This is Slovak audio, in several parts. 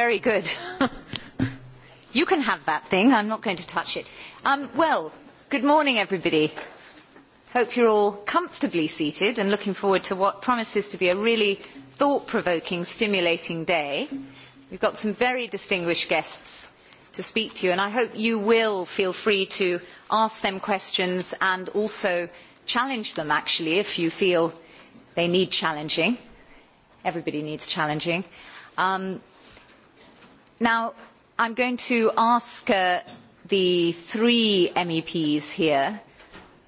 Very good. you can have that thing. I'm not going to touch it. Um, well, good morning, everybody. Hope you're all comfortably seated and looking forward to what promises to be a really thought-provoking, stimulating day. We've got some very distinguished guests to speak to you, and I hope you will feel free to ask them questions and also challenge them, actually, if you feel they need challenging. Everybody needs challenging. Um, Now, I am going to ask uh, the three MEPs here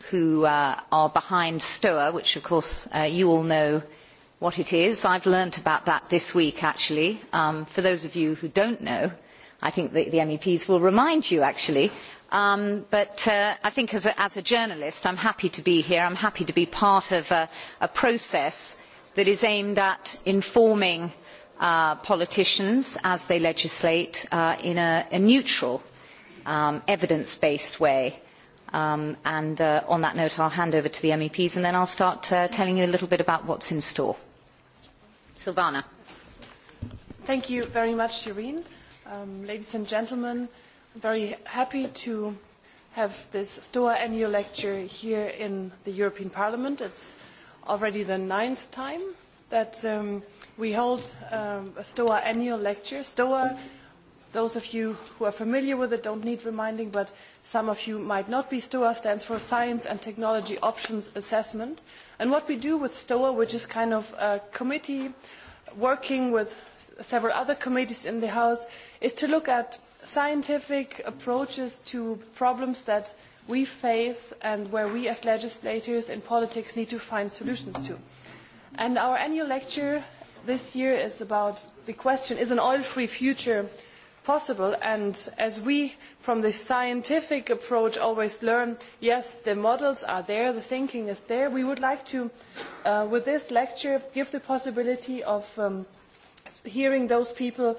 who uh, are behind STOA, which of course uh, you all know what it is. I have learnt about that this week, actually. Um, for those of you who don't know, I think the, the MEPs will remind you, actually. Um, but I think as a, as a journalist, happy to be here. I am happy to be part of a, a process that is aimed at informing uh, politicians as they legislate uh, in a, a neutral, um, evidence-based way. Um, and uh, on that note, I'll hand over to the MEPs and then I'll start uh, telling you a little bit about what's in store. Silvana. Thank you very much, Shireen. Um, ladies and gentlemen, I'm very happy to have this STOA annual lecture here in the European Parliament. It's already the ninth time that um, we hold um, a STOA annual lecture. STOA, those of you who are familiar with it don't need reminding, but some of you might not be. STOA stands for Science and Technology Options Assessment. And what we do with STOA, which is kind of a committee working with several other committees in the House, is to look at scientific approaches to problems that we face and where we as legislators in politics need to find solutions to. And our annual lecture this year is about the question, is an oil-free future possible? And as we, from the scientific approach, always learn, yes, the models are there, the thinking is there. We would like to, uh, with this lecture, give the possibility of um, hearing those people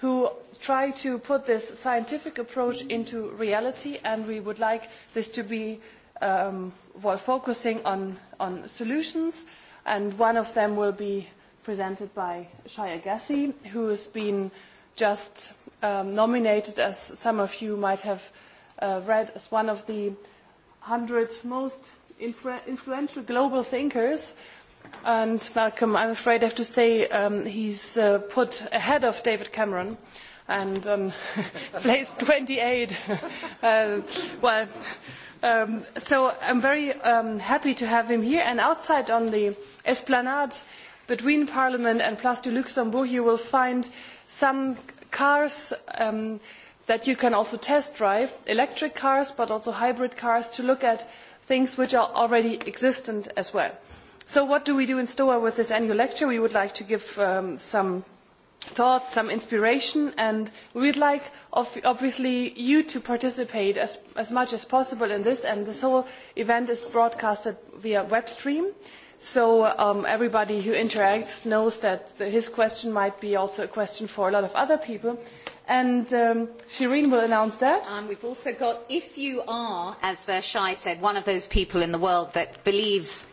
who try to put this scientific approach into reality, and we would like this to be um, while focusing on, on solutions, and one of them will be presented by Shaya Gassi, who has been just um, nominated, as some of you might have uh, read, as one of the 100 most influ influential global thinkers. And Malcolm, I'm afraid I have to say um, he's uh, put ahead of David Cameron and um, place 28. uh, well, um, so I'm very um, happy to have him here. And outside on the esplanade, between Parliament and Place du Luxembourg, you will find some cars um, that you can also test drive, electric cars, but also hybrid cars, to look at things which are already existent as well. So what do we do in STOA with this annual lecture? We would like to give um, some thoughts, some inspiration, and we would like, obviously, you to participate as, as much as possible in this, and this whole event is broadcasted via web stream. So um, everybody who interacts knows that the, his question might be also a question for a lot of other people. And um, Shireen will announce that. And um, we've also got, if you are, as uh, Shai said, one of those people in the world that believes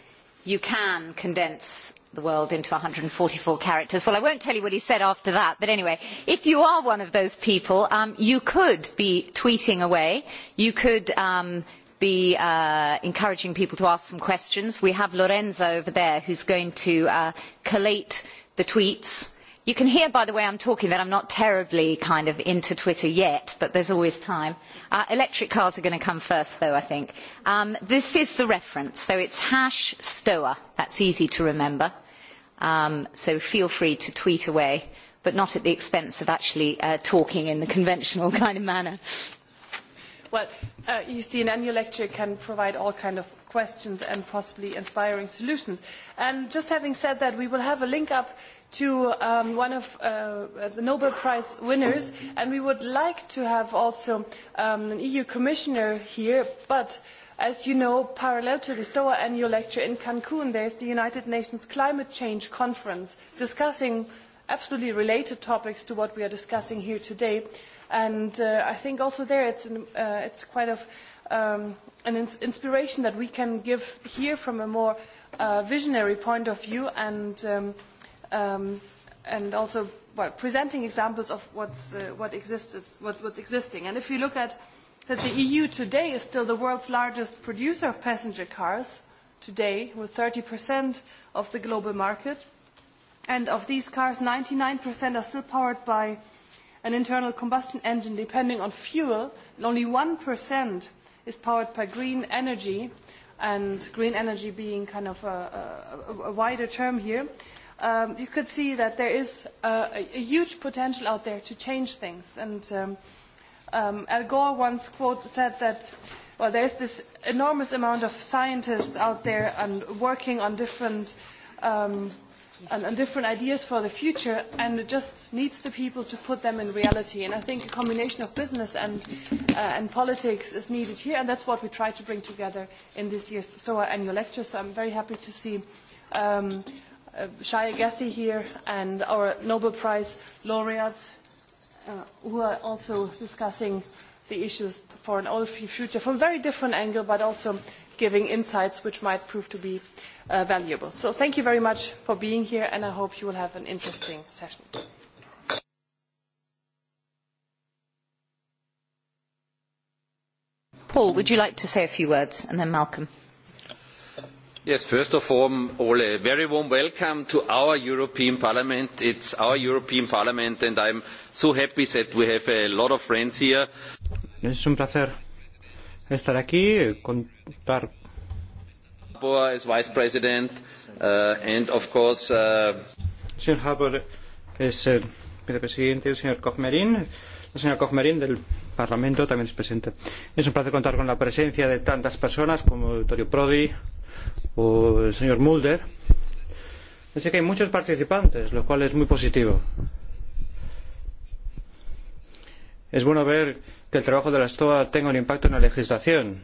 you can condense the world into one hundred and forty four characters. Well, I won't tell you what he said after that, but anyway, if you are one of those people, um, you could be tweeting away. You could um, be uh, encouraging people to ask some questions. We have Lorenzo over there who is going to uh, collate the tweets. You can hear, by the way, I am talking that I am not terribly kind of into Twitter yet, but there is always time. Uh, electric cars are going to come first, though, I think. Um, this is the reference, so it is hash STOA. That is easy to remember. Um, so feel free to tweet away, but not at the expense of actually uh, talking in the conventional kind of manner. Well, uh, you see, an annual lecture can provide all kinds of questions and possibly inspiring solutions. And just having said that, we will have a link up to um, one of uh, the Nobel Prize winners, and we would like to have also um, an EU commissioner here, but as you know, parallel to the STOA annual lecture in Cancun, there is the United Nations Climate Change Conference discussing absolutely related topics to what we are discussing here today And uh, I think also there it's, an, uh, it's quite of, um, an ins inspiration that we can give here from a more uh, visionary point of view and, um, um, and also well, presenting examples of what's, uh, what exists, what, what's existing. And if you look at that the EU today is still the world's largest producer of passenger cars, today with 30% of the global market. And of these cars, 99% are still powered by an internal combustion engine depending on fuel, and only 1% is powered by green energy, and green energy being kind of a, a, a wider term here, um, you could see that there is a, a huge potential out there to change things. And um, um, Al Gore once quote, said that, well, there's this enormous amount of scientists out there and working on different um, and, and different ideas for the future, and it just needs the people to put them in reality. And I think a combination of business and, uh, and politics is needed here, and that's what we try to bring together in this year's STOA annual lecture. So I'm very happy to see um, uh, Shaya Gassi here and our Nobel Prize laureates uh, who are also discussing the issues for an oil-free future from a very different angle, but also giving insights which might prove to be uh, valuable. So thank you very much for being here, and I hope you will have an interesting session. Paul, would you like to say a few words, and then Malcolm? Yes, first of all, Ole, a very warm welcome to our European Parliament. It's our European Parliament, and I'm so happy that we have a lot of friends here. Es un placer estar aquí, contar Harbour as Vice President, uh, and of course. Uh, señor Harbour es el eh, vicepresidente, el señor La señora Kochmerin del Parlamento también es presente. Es un placer contar con la presencia de tantas personas como Vittorio Prodi o el señor Mulder. Sé que hay muchos participantes, lo cual es muy positivo. Es bueno ver que el trabajo de la STOA tenga un impacto en la legislación.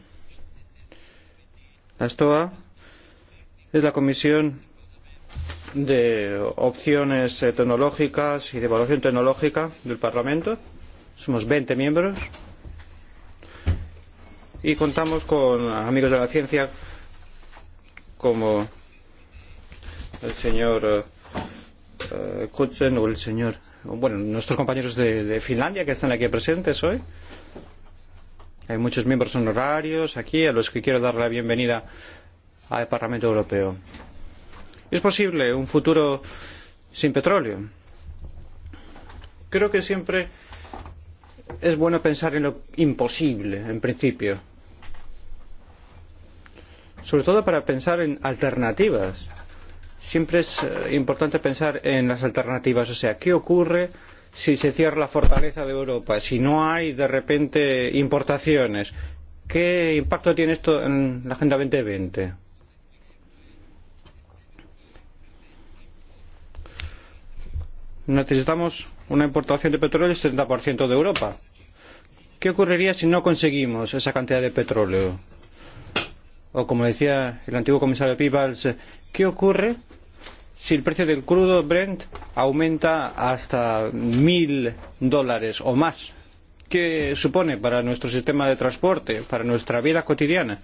La STOA es la comisión de opciones tecnológicas y de evaluación tecnológica del Parlamento. Somos 20 miembros y contamos con amigos de la ciencia como el señor eh, Kutzen o el señor, bueno, nuestros compañeros de, de Finlandia que están aquí presentes hoy. Hay muchos miembros honorarios aquí a los que quiero dar la bienvenida al Parlamento Europeo. ¿Es posible un futuro sin petróleo? Creo que siempre es bueno pensar en lo imposible, en principio. Sobre todo para pensar en alternativas. Siempre es eh, importante pensar en las alternativas, o sea, ¿qué ocurre si se cierra la fortaleza de Europa, si no hay de repente importaciones? ¿Qué impacto tiene esto en la Agenda 2020? necesitamos una importación de petróleo del setenta de Europa. ¿Qué ocurriría si no conseguimos esa cantidad de petróleo? O como decía el antiguo comisario piebalgs ¿qué ocurre si el precio del crudo Brent aumenta hasta mil dólares o más? ¿Qué supone para nuestro sistema de transporte, para nuestra vida cotidiana?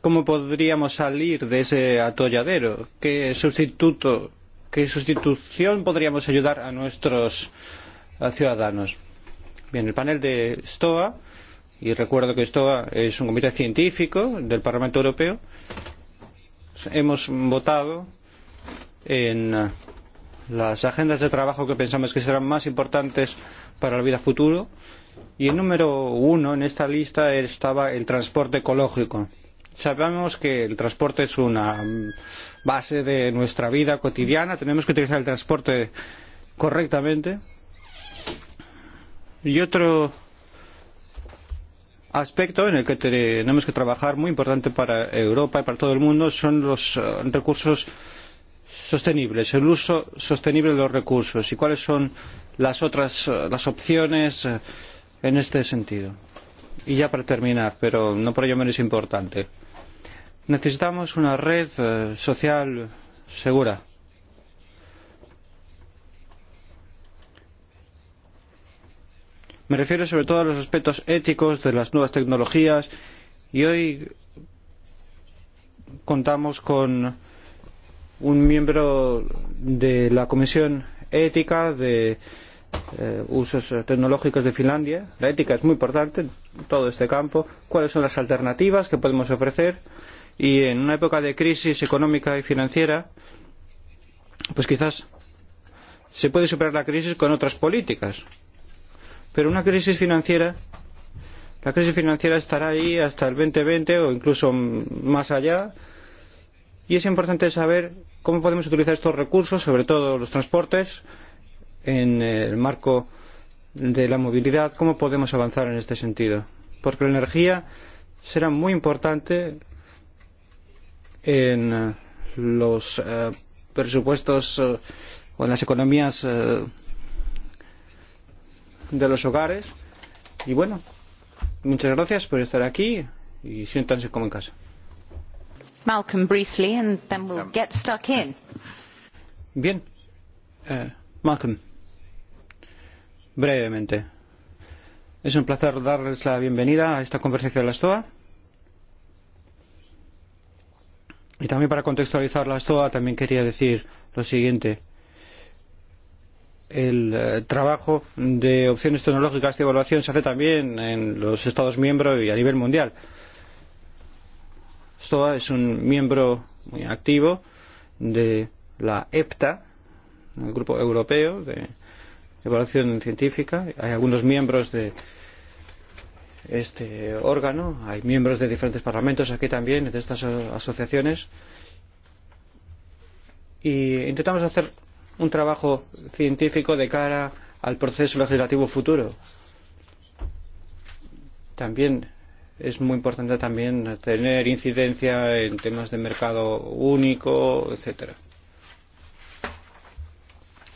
cómo podríamos salir de ese atolladero? ¿Qué sustituto, qué sustitución podríamos ayudar a nuestros ciudadanos? Bien, el panel de STOA, y recuerdo que STOA es un comité científico del Parlamento Europeo, hemos votado en las agendas de trabajo que pensamos que serán más importantes para la vida futura y el número uno en esta lista estaba el transporte ecológico. Sabemos que el transporte es una base de nuestra vida cotidiana, tenemos que utilizar el transporte correctamente. Y otro aspecto en el que tenemos que trabajar muy importante para Europa y para todo el mundo son los eh, recursos sostenibles, el uso sostenible de los recursos y cuáles son las otras eh, las opciones eh, en este sentido. Y ya para terminar, pero no por ello menos importante. Necesitamos una red eh, social segura. Me refiero sobre todo a los aspectos éticos de las nuevas tecnologías y hoy contamos con un miembro de la Comisión Ética de eh, Usos Tecnológicos de Finlandia. La ética es muy importante en todo este campo. ¿Cuáles son las alternativas que podemos ofrecer? Eh, y en una época de crisis económica y financiera, pues quizás se puede superar la crisis con otras políticas. Pero una crisis financiera, la crisis financiera estará ahí hasta el 2020 o incluso más allá. Y es importante saber cómo podemos utilizar estos recursos, sobre todo los transportes, en el marco de la movilidad, cómo podemos avanzar en este sentido. Porque la energía será muy importante en los eh, presupuestos eh, o en las economías eh, de los hogares. Y bueno, muchas gracias por estar aquí y siéntanse como en casa. Malcolm briefly and then we'll um, get stuck in. Bien. Eh, Malcolm. Brevemente. Es un placer darles la bienvenida a esta conversación de la STOA Y también para contextualizarlas todas, también quería decir lo siguiente. El eh, trabajo de opciones tecnológicas de evaluación se hace también en los Estados miembros y a nivel mundial. STOA es un miembro muy activo de la EPTA, el Grupo Europeo de Evaluación Científica. Hay algunos miembros de, este órgano. Hay miembros de diferentes parlamentos aquí también, de estas asociaciones. Y intentamos hacer un trabajo científico de cara al proceso legislativo futuro. También es muy importante también tener incidencia en temas de mercado único, etcétera.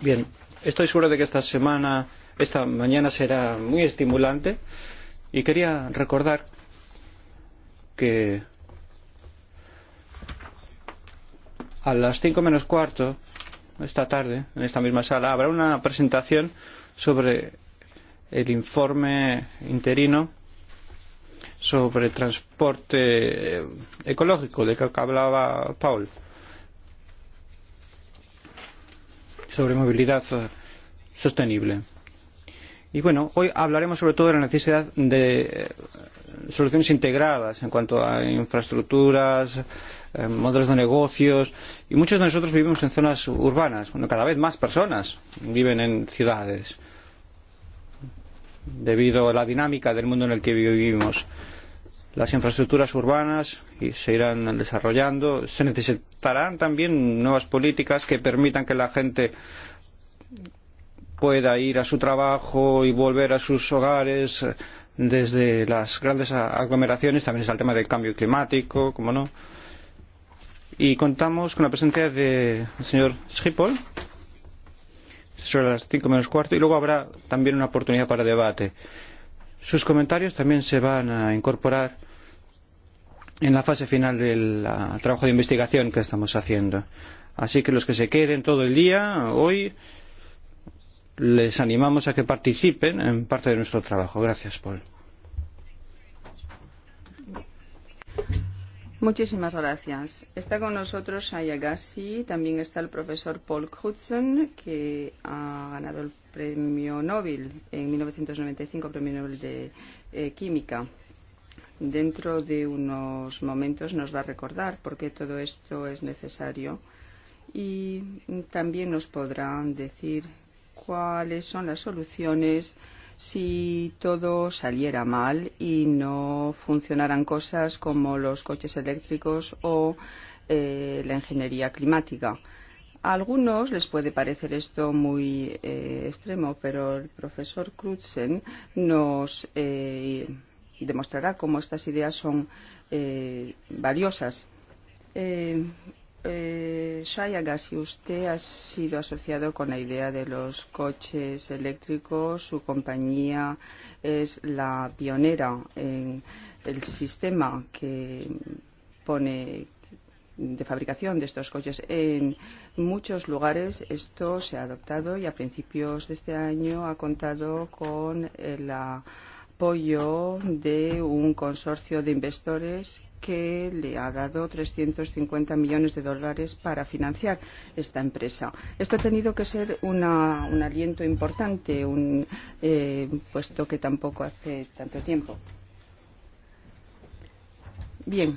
Bien, estoy seguro de que esta semana, esta mañana será muy estimulante. Y quería recordar que a las cinco menos cuarto, esta tarde, en esta misma sala, habrá una presentación sobre el informe interino sobre transporte ecológico de que hablaba Paul, sobre movilidad sostenible. Y bueno, hoy hablaremos sobre todo de la necesidad de eh, soluciones integradas en cuanto a infraestructuras, eh, modelos de negocios. Y muchos de nosotros vivimos en zonas urbanas, cuando cada vez más personas viven en ciudades, debido a la dinámica del mundo en el que vivimos. Las infraestructuras urbanas se irán desarrollando. Se necesitarán también nuevas políticas que permitan que la gente pueda ir a su trabajo y volver a sus hogares eh, desde las grandes aglomeraciones. También está el tema del cambio climático, como no. Y contamos con la presencia del de señor Schiphol sobre las cinco menos cuarto y luego habrá también una oportunidad para debate. Sus comentarios también se van a incorporar en la fase final del ah, trabajo de investigación que estamos haciendo. Así que los que se queden todo el día hoy les animamos a que participen en parte de nuestro trabajo. Gracias, Paul. Muchísimas gracias. Está con nosotros Ayagasi, también está el profesor Paul Hudson, que ha ganado el premio Nobel en 1995, premio Nobel de eh, Química. Dentro de unos momentos nos va a recordar por qué todo esto es necesario y también nos podrá decir cuáles son las soluciones si todo saliera mal y no funcionaran cosas como los coches eléctricos o eh, la ingeniería climática. A algunos les puede parecer esto muy eh, extremo, pero el profesor Crutzen nos eh, demostrará cómo estas ideas son eh, valiosas. Eh, eh, Sayagas usted ha sido asociado con la idea de los coches eléctricos. Su compañía es la pionera en el sistema que pone de fabricación de estos coches. En muchos lugares esto se ha adoptado y a principios de este año ha contado con el apoyo de un consorcio de inversores que le ha dado 350 millones de dólares para financiar esta empresa. Esto ha tenido que ser una, un aliento importante, un, eh, puesto que tampoco hace tanto tiempo. Bien.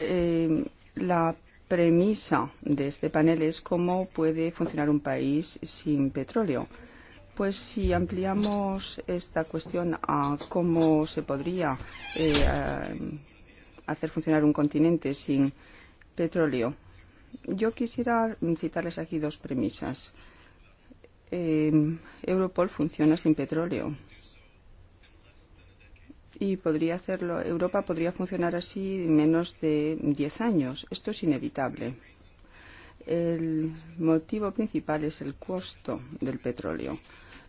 Eh, la premisa de este panel es cómo puede funcionar un país sin petróleo. Eh, pues si ampliamos esta cuestión a cómo se podría eh, hacer funcionar un continente sin petróleo, yo quisiera citarles aquí dos premisas. Eh, Europol funciona sin petróleo y podría hacerlo. Europa podría funcionar así en menos de 10 años. Esto es inevitable. El motivo principal es el costo del petróleo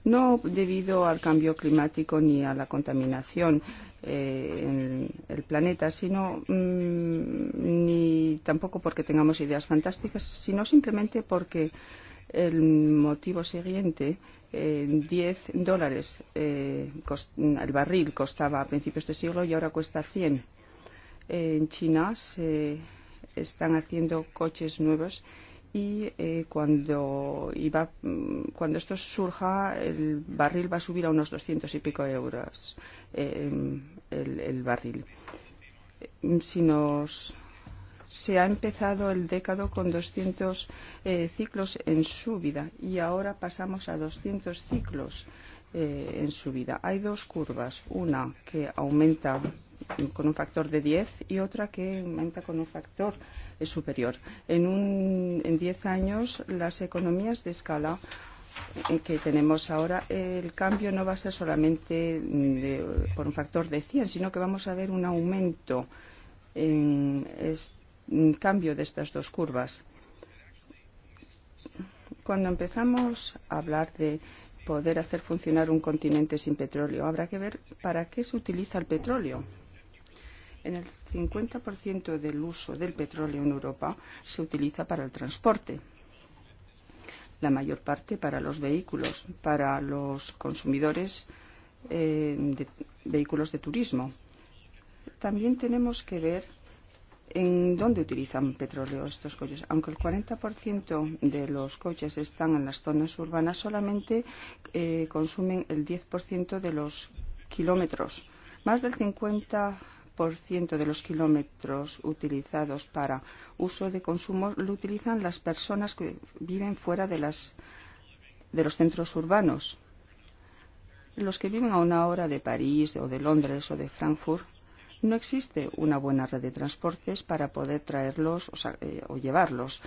no debido al cambio climático ni a la contaminación eh, en el planeta, sino mmm, ni tampoco porque tengamos ideas fantásticas, sino simplemente porque el motivo siguiente, eh, 10 dólares eh, cost, el barril costaba a principios de siglo y ahora cuesta 100. Eh, en China se están haciendo coches nuevos y eh, cuando, iba, mm, cuando esto surja el barril va a subir a unos 200 y pico euros eh, el, el barril. Si nos se ha empezado el décado con 200 eh, ciclos en subida y ahora pasamos a 200 ciclos eh, en subida. Hay dos curvas, una que aumenta con un factor de 10 y otra que aumenta con un factor eh, es superior. En, un, en diez años, las economías de escala eh, que tenemos ahora, el cambio no va a ser solamente de, por un factor de 100, sino que vamos a ver un aumento en, es, en cambio de estas dos curvas. Cuando empezamos a hablar de poder hacer funcionar un continente sin petróleo, habrá que ver para qué se utiliza el petróleo en el 50% del uso del petróleo en Europa se utiliza para el transporte, la mayor parte para los vehículos, para los consumidores eh, de vehículos de turismo. También tenemos que ver en dónde utilizan petróleo estos coches. Aunque el 40% de los coches están en las zonas urbanas, solamente eh, consumen el 10% de los kilómetros. Más del 90% de los kilómetros utilizados para uso de consumo lo utilizan las personas que viven fuera de, las, de los centros urbanos. Los que viven a una hora de París o de Londres o de Frankfurt no existe una buena red de transportes para poder traerlos o, sea, eh, o llevarlos.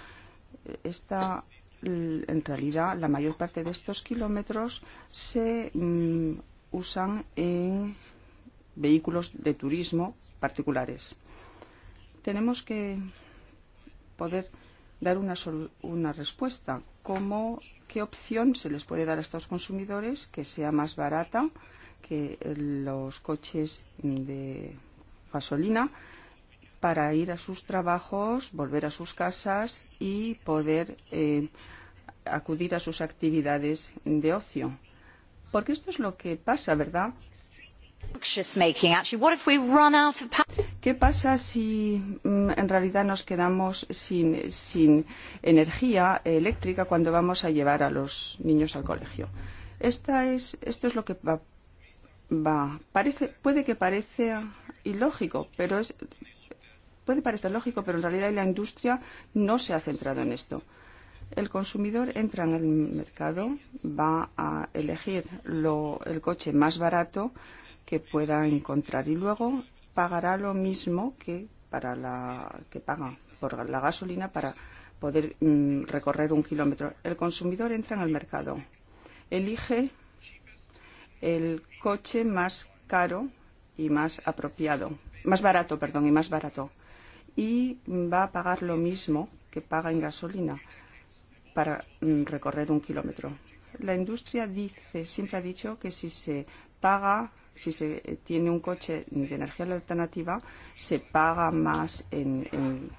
Esta, en realidad, la mayor parte de estos kilómetros se mm, usan en vehículos de turismo particulares. Tenemos que poder dar una, una respuesta. ¿Cómo, ¿Qué opción se les puede dar a estos consumidores que sea más barata que los coches de gasolina para ir a sus trabajos, volver a sus casas y poder eh, acudir a sus actividades de ocio? Porque esto es lo que pasa, ¿verdad? ¿Qué pasa si mm, en realidad nos quedamos sin, sin energía eléctrica cuando vamos a llevar a los niños al colegio? Esta es, esto es lo que va, va. Parece, puede que parezca ilógico, pero es, puede parecer lógico, pero en realidad la industria no se ha centrado en esto. El consumidor entra en el mercado, va a elegir lo, el coche más barato, que pueda encontrar y luego pagará lo mismo que para la que paga por la gasolina para poder mm, recorrer un kilómetro. El consumidor entra en el mercado, elige el coche más caro y más apropiado, más barato, perdón, y más barato, y va a pagar lo mismo que paga en gasolina para mm, recorrer un kilómetro. La industria dice, siempre ha dicho que si se paga si se tiene un coche de energía alternativa, se paga más en, en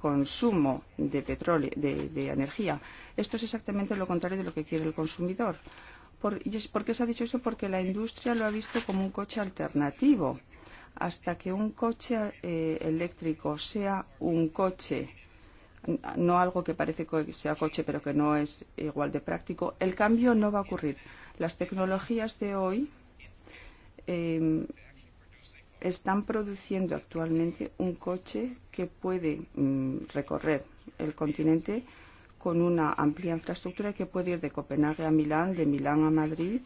consumo de petróleo, de, de energía. Esto es exactamente lo contrario de lo que quiere el consumidor. Por, y es, ¿Por qué se ha dicho eso? Porque la industria lo ha visto como un coche alternativo. Hasta que un coche eh, eléctrico sea un coche, no algo que parece que sea coche pero que no es igual de práctico, el cambio no va a ocurrir. Las tecnologías de hoy eh, están produciendo actualmente un coche que puede mm, recorrer el continente con una amplia infraestructura que puede ir de Copenhague a Milán, de Milán a Madrid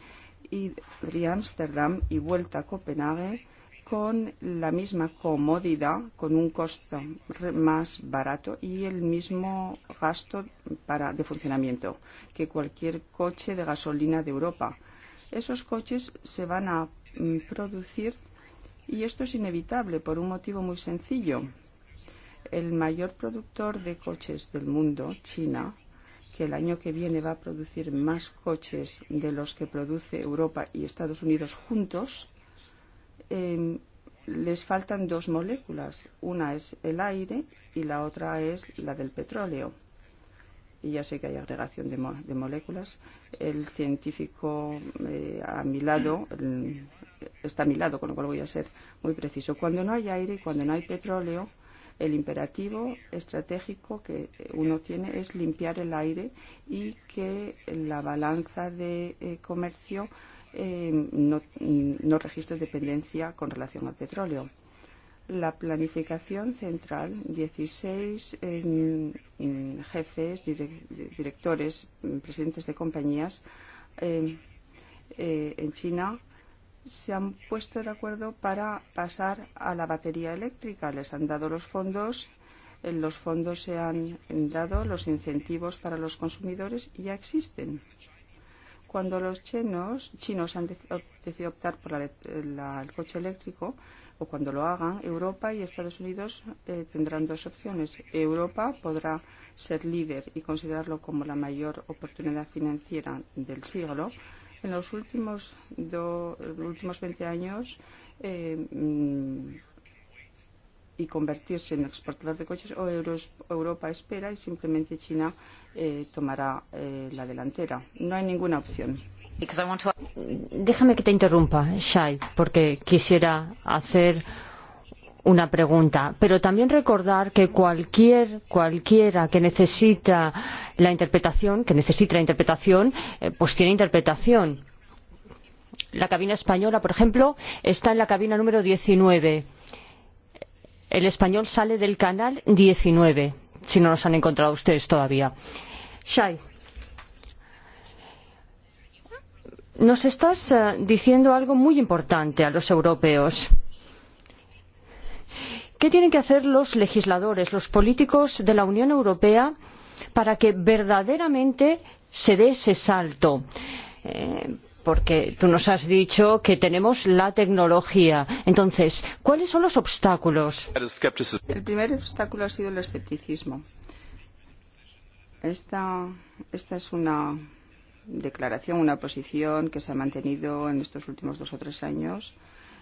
y de Ámsterdam y vuelta a Copenhague con la misma comodidad, con un costo más barato y el mismo gasto para, de funcionamiento que cualquier coche de gasolina de Europa. Esos coches se van a Mm, producir y esto es inevitable por un motivo muy sencillo. El mayor productor de coches del mundo, China, que el año que viene va a producir más coches de los que produce Europa y Estados Unidos juntos, eh, les faltan dos moléculas. Una es el aire y la otra es la del petróleo. Y ya sé que hay agregación de, mo de moléculas. El científico eh, a mi lado, el está a mi lado, con lo cual voy a ser muy preciso. Cuando no hay aire y cuando no hay petróleo, el imperativo estratégico que uno tiene es limpiar el aire y que la balanza de eh, comercio eh, no, no registre dependencia con relación al petróleo. La planificación central, 16 eh, mm, jefes, direc directores, presidentes de compañías eh, eh, en China se han puesto de acuerdo para pasar a la batería eléctrica. Les han dado los fondos, los fondos se han dado, los incentivos para los consumidores y ya existen. Cuando los chinos, chinos han decidido optar por la, la, el coche eléctrico, o cuando lo hagan, Europa y Estados Unidos eh, tendrán dos opciones. Europa podrá ser líder y considerarlo como la mayor oportunidad financiera del siglo, en los últimos, do, últimos 20 años eh, y convertirse en exportador de coches o Euros, Europa espera y simplemente China eh, tomará eh, la delantera. No hay ninguna opción. Déjame que te interrumpa, Shai, porque quisiera hacer una pregunta, pero también recordar que cualquier, cualquiera que necesita la interpretación, que necesita la interpretación, eh, pues tiene interpretación. La cabina española, por ejemplo, está en la cabina número 19. El español sale del canal 19, si no nos han encontrado ustedes todavía. Shai, nos estás eh, diciendo algo muy importante a los europeos ¿Qué tienen que hacer los legisladores, los políticos de la Unión Europea para que verdaderamente se dé ese salto? Eh, porque tú nos has dicho que tenemos la tecnología. Entonces, ¿cuáles son los obstáculos? El primer obstáculo ha sido el escepticismo. Esta, esta es una declaración, una posición que se ha mantenido en estos últimos dos o tres años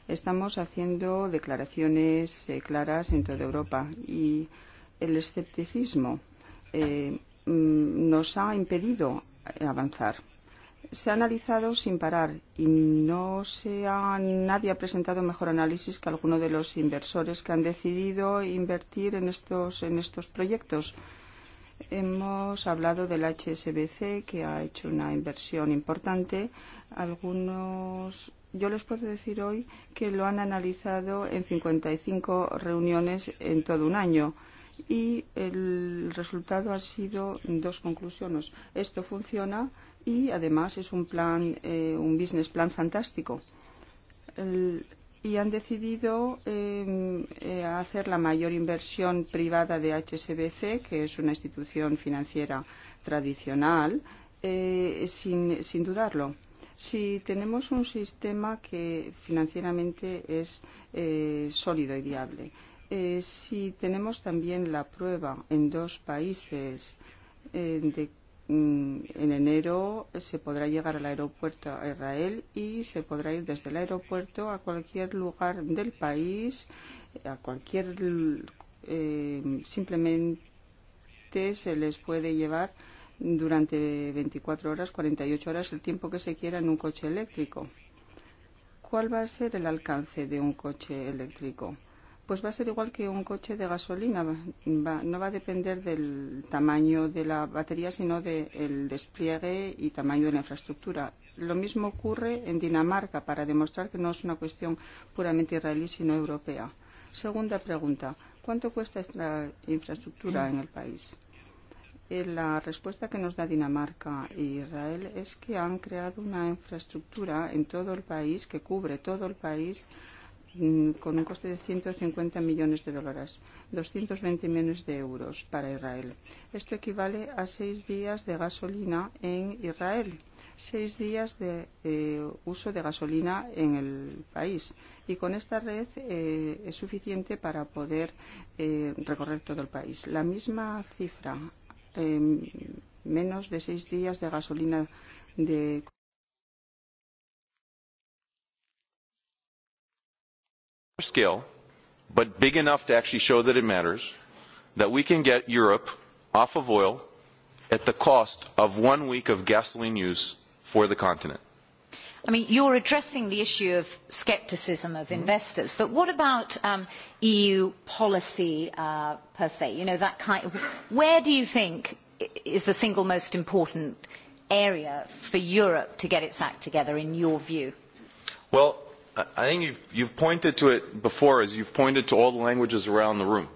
estamos haciendo declaraciones eh, claras en toda Europa y el escepticismo eh, mm, nos ha impedido avanzar. Se ha analizado sin parar y no se ha, nadie ha presentado mejor análisis que alguno de los inversores que han decidido invertir en estos, en estos proyectos. Hemos hablado del HSBC, que ha hecho una inversión importante. Algunos yo les puedo decir hoy que lo han analizado en 55 reuniones en todo un año y el resultado ha sido dos conclusiones. Esto funciona y además es un plan, eh, un business plan fantástico. El, y han decidido eh, hacer la mayor inversión privada de HSBC, que es una institución financiera tradicional, eh, sin, sin dudarlo si tenemos un sistema que financieramente es eh, sólido y viable, eh, si tenemos también la prueba en dos países eh, de mm, en enero se podrá llegar al aeropuerto a Israel y se podrá ir desde el aeropuerto a cualquier lugar del país, a cualquier eh, simplemente se les puede llevar eh, durante 24 horas, 48 horas, el tiempo que se quiera en un coche eléctrico. ¿Cuál va a ser el alcance de un coche eléctrico? Pues va a ser igual que un coche de gasolina. Va, no va a depender del tamaño de la batería, sino del de despliegue y tamaño de la infraestructura. Lo mismo ocurre en Dinamarca, para demostrar que no es una cuestión puramente israelí, sino europea. Segunda pregunta. ¿Cuánto cuesta esta infraestructura en el país? la respuesta que nos da Dinamarca e Israel es que han creado una infraestructura en todo el país que cubre todo el país mm, con un coste de 150 millones de dólares, 220 millones de euros para Israel. Esto equivale a seis días de gasolina en Israel, seis días de eh, uso de gasolina en el país. Y con esta red eh, es suficiente para poder eh, recorrer todo el país. La misma cifra eh, menos de seis días de gasolina de. Scale, but big enough to actually show that it matters, that we can get Europe off of oil at the cost of one week of gasoline use for the continent. I mean, you're addressing the issue of scepticism of mm-hmm. investors, but what about um, EU policy uh, per se? You know, that kind of, where do you think is the single most important area for Europe to get its act together, in your view? Well, I think you've, you've pointed to it before, as you've pointed to all the languages around the room.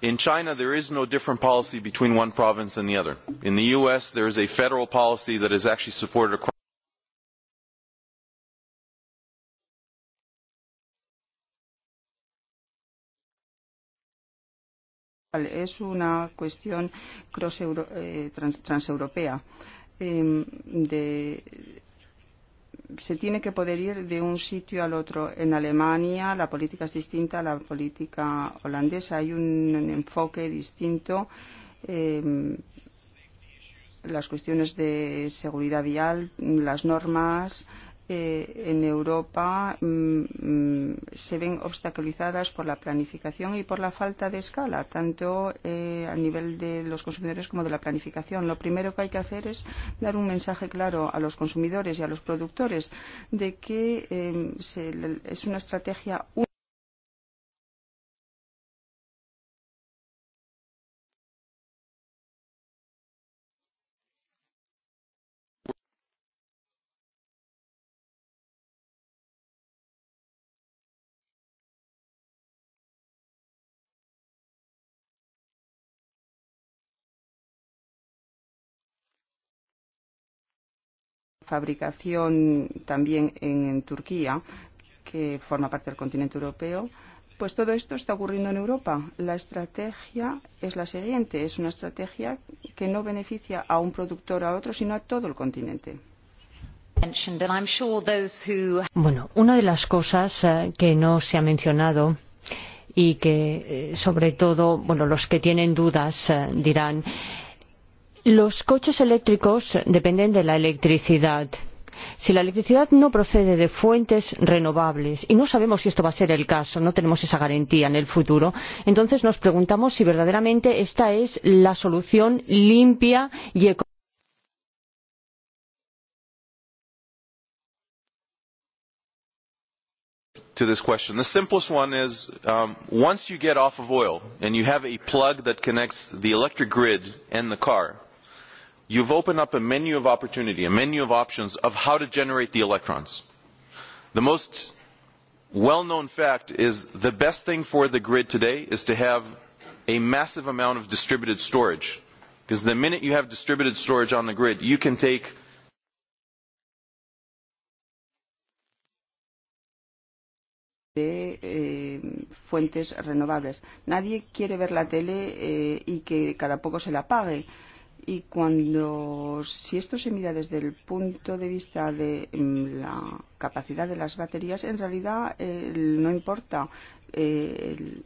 In China, there is no different policy between one province and the other. In the U.S., there is a federal policy that is actually supported across es una cuestión cross -euro, eh, trans, transeuropea. Eh, de, se tiene que poder ir de un sitio al otro. En Alemania la política es distinta a la política holandesa. Hay un, un enfoque distinto. Eh, las cuestiones de seguridad vial, las normas, eh, eh, en Europa mm, mm, se ven obstaculizadas por la planificación y por la falta de escala, tanto eh, a nivel de los consumidores como de la planificación. Lo primero que hay que hacer es dar un mensaje claro a los consumidores y a los productores de que eh, se, es una estrategia única fabricación también en Turquía, que forma parte del continente europeo, pues todo esto está ocurriendo en Europa. La estrategia es la siguiente, es una estrategia que no beneficia a un productor o a otro, sino a todo el continente. Bueno, una de las cosas eh, que no se ha mencionado y que eh, sobre todo bueno, los que tienen dudas eh, dirán Los coches eléctricos dependen de la electricidad. Si la electricidad no procede de fuentes renovables, y no sabemos si esto va a ser el caso, no tenemos esa garantía en el futuro, entonces nos preguntamos si verdaderamente esta es la solución limpia y económica. to this question. The simplest one is um, once you get off of oil and you have a plug that connects the electric grid and the car, you have opened up a menu of opportunity, a menu of options of how to generate the electrons. The most well-known fact is the best thing for the grid today is to have a massive amount of distributed storage. Because the minute you have distributed storage on the grid, you can take de eh, fuentes renovables. Nadie quiere ver la tele eh, y que cada poco se la pague. Eh, Y cuando, si esto se mira desde el punto de vista de mm, la capacidad de las baterías, en realidad eh, no importa eh, el,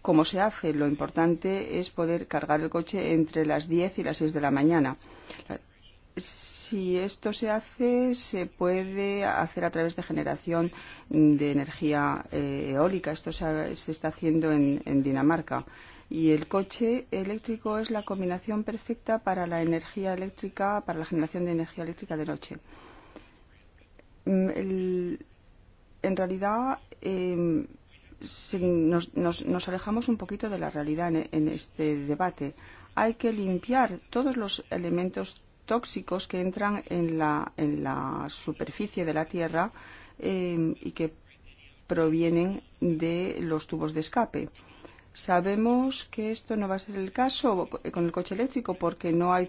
cómo se hace. Lo importante es poder cargar el coche entre las 10 y las 6 de la mañana. Si esto se hace, se puede hacer a través de generación de energía eh, eólica. Esto se, se está haciendo en, en Dinamarca. Y el coche eléctrico es la combinación perfecta para la energía eléctrica, para la generación de energía eléctrica de noche. Mm, el, en realidad, eh, si nos, nos, nos alejamos un poquito de la realidad en, en este debate. Hay que limpiar todos los elementos tóxicos que entran en la, en la superficie de la Tierra eh, y que provienen de los tubos de escape. Sabemos que esto no va a ser el caso con el coche eléctrico porque no hay